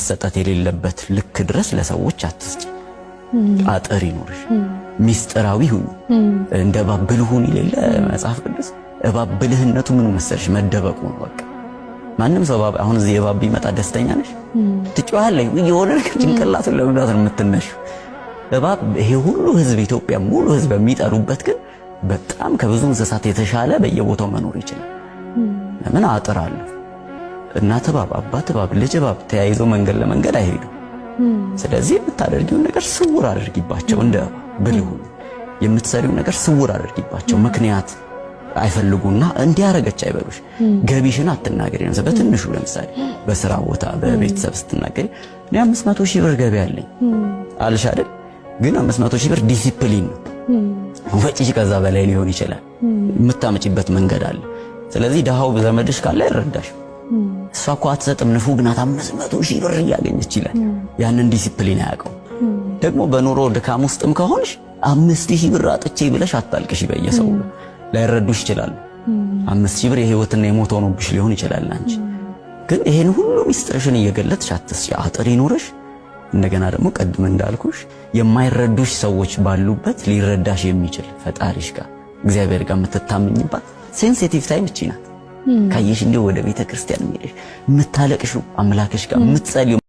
መሰጠት የሌለበት ልክ ድረስ ለሰዎች አትስጭ። አጥር ይኑርሽ፣ ሚስጥራዊ ሁኚ። እንደ እባብ ብልህ ሁኚ የሌለ መጽሐፍ ቅዱስ እባብ ብልህነቱ ምን መሰለሽ? መደበቁ ነው። በቃ ማንም ሰው እባብ አሁን እዚህ እባብ ቢመጣ ደስተኛ ነሽ? ትጮሃለሽ። የሆነ ነገር ጭንቅላቱን ለመብላት ነው የምትነሽ። እባብ ይሄ ሁሉ ህዝብ ኢትዮጵያ ሙሉ ህዝብ የሚጠሩበት ግን በጣም ከብዙ እንስሳት የተሻለ በየቦታው መኖር ይችላል። ለምን አጥር አለ። እናት እባብ አባት እባብ ልጅ እባብ ተያይዘው መንገድ ለመንገድ አይሄዱ። ስለዚህ የምታደርጊውን ነገር ስውር አድርጊባቸው፣ እንደ ብልሁ የምትሰሪው ነገር ስውር አድርጊባቸው። ምክንያት አይፈልጉና እንዲያረገች አይበሉሽ። ገቢሽን አትናገሪ ነው በትንሹ ለምሳሌ በስራ ቦታ በቤተሰብ ስትናገሪ እኔ 500 ሺህ ብር ገቢ አለኝ አልሽ አይደል? ግን 500 ሺህ ብር ዲሲፕሊን ነው። ወጪሽ ከዛ በላይ ሊሆን ይችላል። የምታመጪበት መንገድ አለ። ስለዚህ ድሃው ዘመድሽ ካለ ይረዳሽ። እሷ እኮ አትሰጥም ንፉግ ናት። አምስት መቶ ሺህ ብር እያገኘች ይላል። ያንን ዲሲፕሊን አያውቀው ደግሞ በኑሮ ድካም ውስጥም ከሆንሽ አምስት ሺህ ብር አጥቼ ብለሽ አታልቅሽ። በየሰው ላይረዱሽ ይችላሉ። አምስት ሺህ ብር የህይወትና የሞት ሆኖብሽ ሊሆን ይችላል። አንቺ ግን ይሄን ሁሉ ሚስጥርሽን እየገለጥሽ አትስጪ። አጥር ይኑርሽ። እንደገና ደግሞ ቀድም እንዳልኩሽ የማይረዱሽ ሰዎች ባሉበት ሊረዳሽ የሚችል ፈጣሪሽ ጋር እግዚአብሔር ጋር የምትታመኝባት ሴንሲቲቭ ታይም እቺ ናት። ካየሽ እንዲሁ ወደ ቤተ ክርስቲያን የምታለቅሹ አምላክሽ ጋር የምትጸልዩ